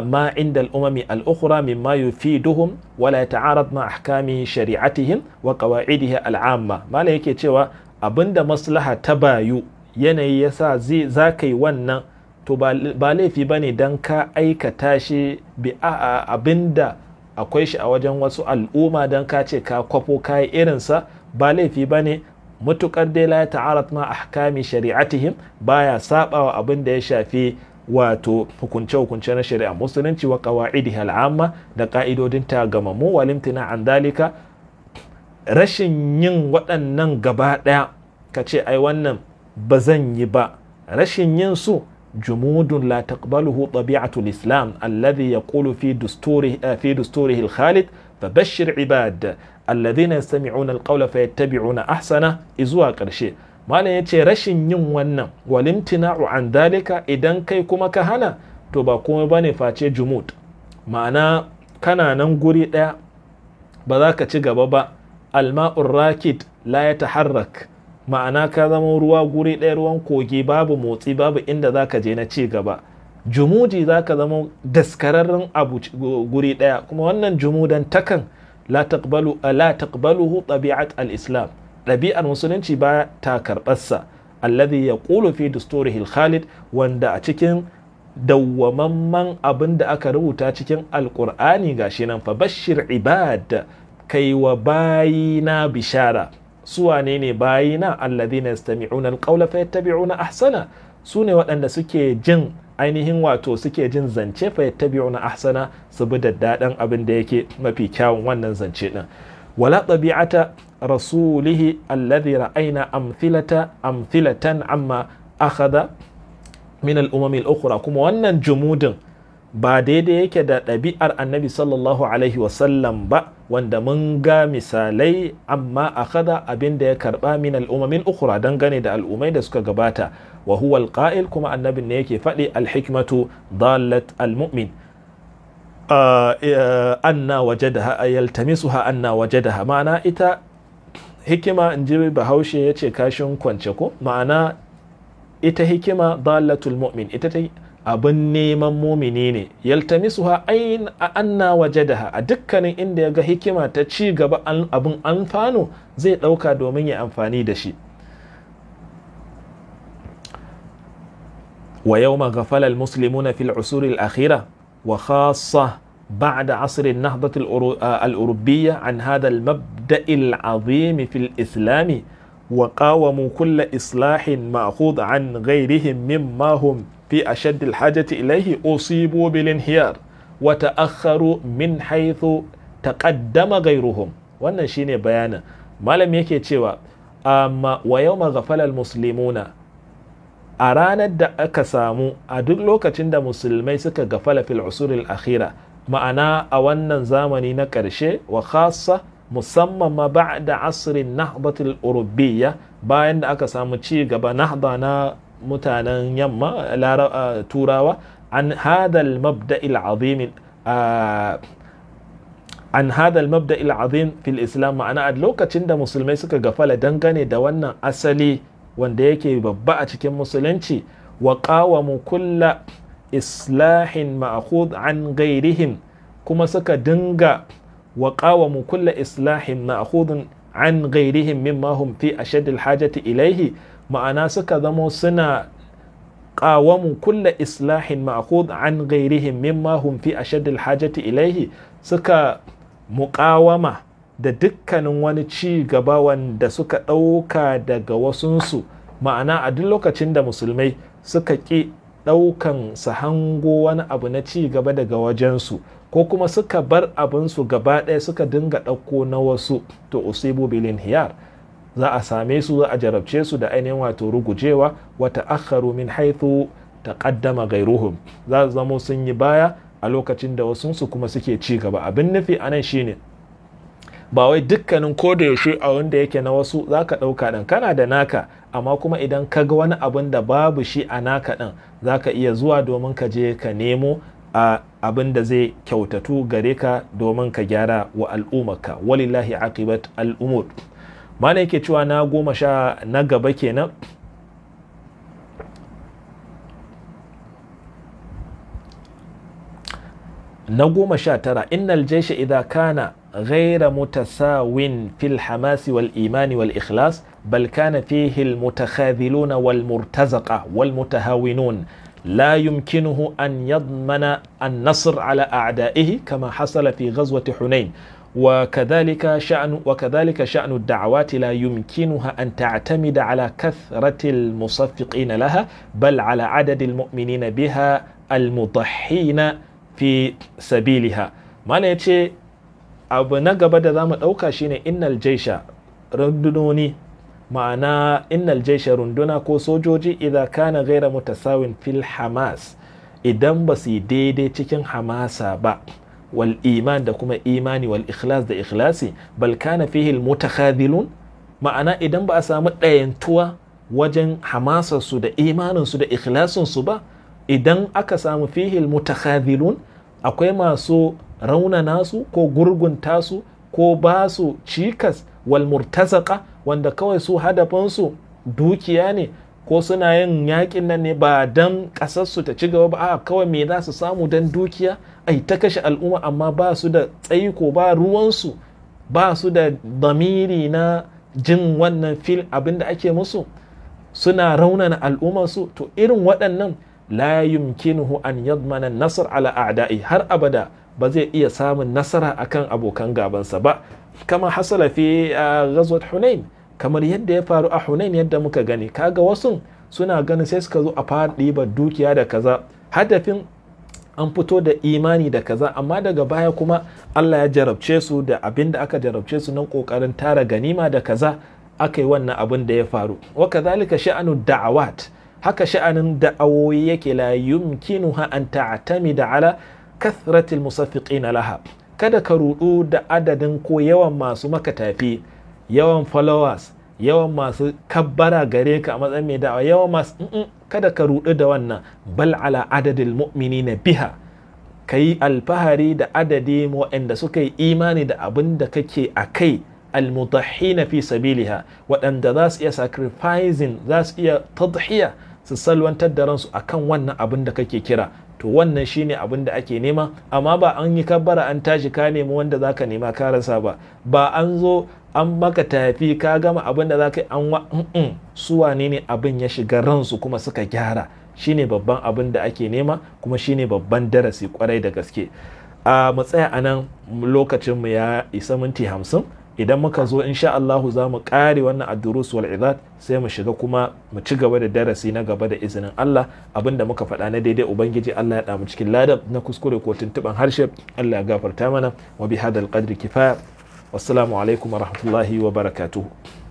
ما عند الأمم الأخرى مما يفيدهم ولا يتعارض مع أحكام شريعتهم وقواعدها العامة malam yake cewa abinda maslaha ta bayu yanayi yasa zai za wannan to ba laifi ba ne don ka aikata shi bi abinda akwai shi a wajen wasu al'umma dan kace ka kwafo ka yi irinsa ba laifi ba ne mutukar dai la ta'arat ma ahkami shari'atihim baya sabawa abin ya shafi wato hukunce-hukunce na shari'a musulunci wa qawaidi al'amma da ƙa'idodin ta gamammu walimtina an dalika rashin yin waɗannan gaba ɗaya ka ce ai wannan ba zan yi ba rashin yin su jumudun la taqbaluhu tabi'atul islam alladhi yaqulu fi dusturi fi dusturihi al-khalid fabashshir ibad alladhina yastami'una al-qawla fayattabi'una ahsana izuwa ƙarshe malam ya ce rashin yin wannan walimtina'u an dalika idan kai kuma ka hana to ba ba ne face jumud ma'ana kana nan guri ɗaya ba za ka ci gaba ba alma'ur rakid la ya taharrak ma'ana ka zama ruwa guri ɗaya ruwan kogi babu motsi babu inda za ka je na ci gaba jumuji za ka zama daskararren abu guri ɗaya kuma wannan jumudan takan la taqbaluhu tabi'at al-islam ɗabi'ar musulunci ba ta karɓarsa alladhi ƙulu fi dusturihi khalid wanda a cikin dawwamamman abin da aka rubuta cikin alƙur'ani ga shi nan fa bashir ibad kai wa na bishara su wane ne bayi na bayina alladhina yastami'una alqawla fayattabi'una ahsana su ne waɗanda suke jin ainihin wato suke jin zance fayattabi'una ahsana su bi da abin da yake mafi kyawun wannan zance ɗin. wala tabi'ata rasulihi alladhi ra'ayna amthilata amthilatan amma akhadha min al-umam kuma wannan jumudin ba daidai yake da ɗabi'ar annabi sallallahu ba wanda mun ga misalai amma a abinda ya karɓa min al'ummamin ukura dangane da al'ummai da suka gabata wa huwa kuma annabin ne yake faɗi alhikmatu dalat almu'min anna wajadaha yaltamisuha anna wajadaha ma'ana ita hikima in ji bahaushe ya ce kashin kwance ko ma'ana ita hikima dalatul mu'min ita ta abin neman mumini ne yaltamisuha ha anna wajadaha a dukkanin inda ya ga hikima ta ci gaba abin amfano zai ɗauka domin ya amfani da shi wa yau ma muslimuna fil na fil'usuri akhira وخاصة بعد عصر النهضة الأوروبية عن هذا المبدأ العظيم في الإسلام وقاوموا كل إصلاح مأخوذ عن غيرهم مما هم في أشد الحاجة إليه أصيبوا بالانهيار وتأخروا من حيث تقدم غيرهم wannan shine bayanin malam yake cewa amma wa yawma ghafala al-muslimuna a ranar da aka samu a duk lokacin da musulmai suka gafala fil usuril akhira ma'ana a wannan zamani na ƙarshe wa khasa musamman ma ba'da asrin nahdatul urubiya bayan da aka samu ci gaba nahda na mutanen yamma turawa an hadal azim an hada mabda azim fil islam ma'ana a lokacin da musulmai suka gafala dangane da wannan asali wanda yake babba a cikin musulunci wa qawamu kulla islahin ma'akud an gairihim kuma suka dinga wa qawamu kulla islahin ma'akud an gairihim min mahum fi ashaddil hajati ilaihi ma'ana suka zamo suna qawamu kulla islahin ma'akud an gairihim min mahum fi ashaddil hajati ilaihi suka muqawama da dukkanin wani ci gaba wanda suka ɗauka daga wasunsu ma'ana a duk lokacin da musulmai suka ƙi ɗaukan su hango wani abu na ci gaba daga wajensu ko kuma suka bar abinsu gaba ɗaya suka dinga ɗauko na wasu to usibu bilin hiyar za a same su za a jarabce su da ainihin wato rugujewa wata akharu min haithu ƙaddama gairuhun za su zamo sun yi baya a lokacin da wasunsu kuma suke ci gaba abin nufi anan shine ba wai dukkanin ko da yaushe a wanda yake na wasu zaka ɗauka ɗin kana da naka amma kuma idan ka ga wani abin da babu shi a naka ɗin ka iya zuwa domin ka je ka nemo a abin da zai kyautatu gare ka domin ka gyara wa al'ummarka walillahi aqibat al'umur mana yake cewa na goma sha na gaba kenan na goma sha tara innal jaisha idha kana غير متساو في الحماس والإيمان والإخلاص بل كان فيه المتخاذلون والمرتزقة والمتهاونون لا يمكنه أن يضمن النصر على أعدائه كما حصل في غزوة حنين وكذلك شأن وكذلك شأن الدعوات لا يمكنها أن تعتمد على كثرة المصفقين لها بل على عدد المؤمنين بها المضحين fi sabiliha mana ya ce abu na gaba da za mu ɗauka shine innal jaisha rundunoni ma'ana innal jaisha runduna ko sojoji idza kana gaira mutasawin fil hamas idan ba su yi daidai cikin hamasa ba wal iman da kuma imani wal ikhlas da ikhlasi bal kana fihi al mutakhadhilun ma'ana idan ba a samu ɗayantuwa wajen su da imaninsu da ikhlasinsu ba idan aka samu fihil mutakhadhilun akwai masu raunana su ko gurgunta su ko ba su cikas wal murtazaka wanda kawai su su dukiya ne ko suna yin yakin nan ne ba don ƙasarsu ta ci gaba ba a kawai me za su samu dan dukiya ai ta kashe al'umma amma ba su da tsaiko ba ruwansu ba su da damiri na jin wannan fil abin da ake musu suna raunana su to irin waɗannan la yumkinuhu an yadmana nasr ala a'da'i har abada ba zai iya samun nasara akan abokan gabansa ba kama hasala fi ghazwat hunain kamar yadda ya faru a hunain yadda muka gani kaga wasu suna ganin sai suka zo a faɗi ba dukiya da kaza hadafin an fito da imani da kaza amma daga baya kuma Allah ya jarabce su da abin da aka jarabce su nan kokarin tara ganima da kaza aka wannan abin da ya faru wa kazalika sha'anu da'awat haka sha'anin awoyi yake la ha an da ala kathratil na laha kada ka ruɗu da adadin ko yawan masu makatafi yawan followers yawan masu kabbara gare ka a matsayin mai da'awa yawan masu kada ka rudu da wannan bal ala adadil na biha ka yi alfahari da adadi waɗanda suka yi imani da abin da kake a kai almutahina fi sabiliha waɗanda za su iya sacrificing za su iya tadhiya su salwantar da ransu kan wannan abin da kake kira to wannan shine abin da ake nema amma ba an yi kabbara an tashi ka nemi wanda zaka nema ka ba ba an zo an maka tafi ka gama abin da zaka yi an wa su wane ne abin ya shiga ransu kuma suka gyara shine babban abin da ake nema kuma shine babban darasi kwarai da gaske a ah, mu tsaya anan lokacin mu ya isa minti hamsin idan muka zo insha Allahu za mu kare wannan addurus wal izat sai mu shiga kuma mu ci gaba da darasi na gaba da izinin Allah abinda muka faɗa na daidai ubangiji Allah ya damu cikin ladab na kuskure ko tuntuban harshe Allah ya gafarta mana wa bi hadal qadri kifaya wassalamu alaikum wa rahmatullahi wa barakatuhu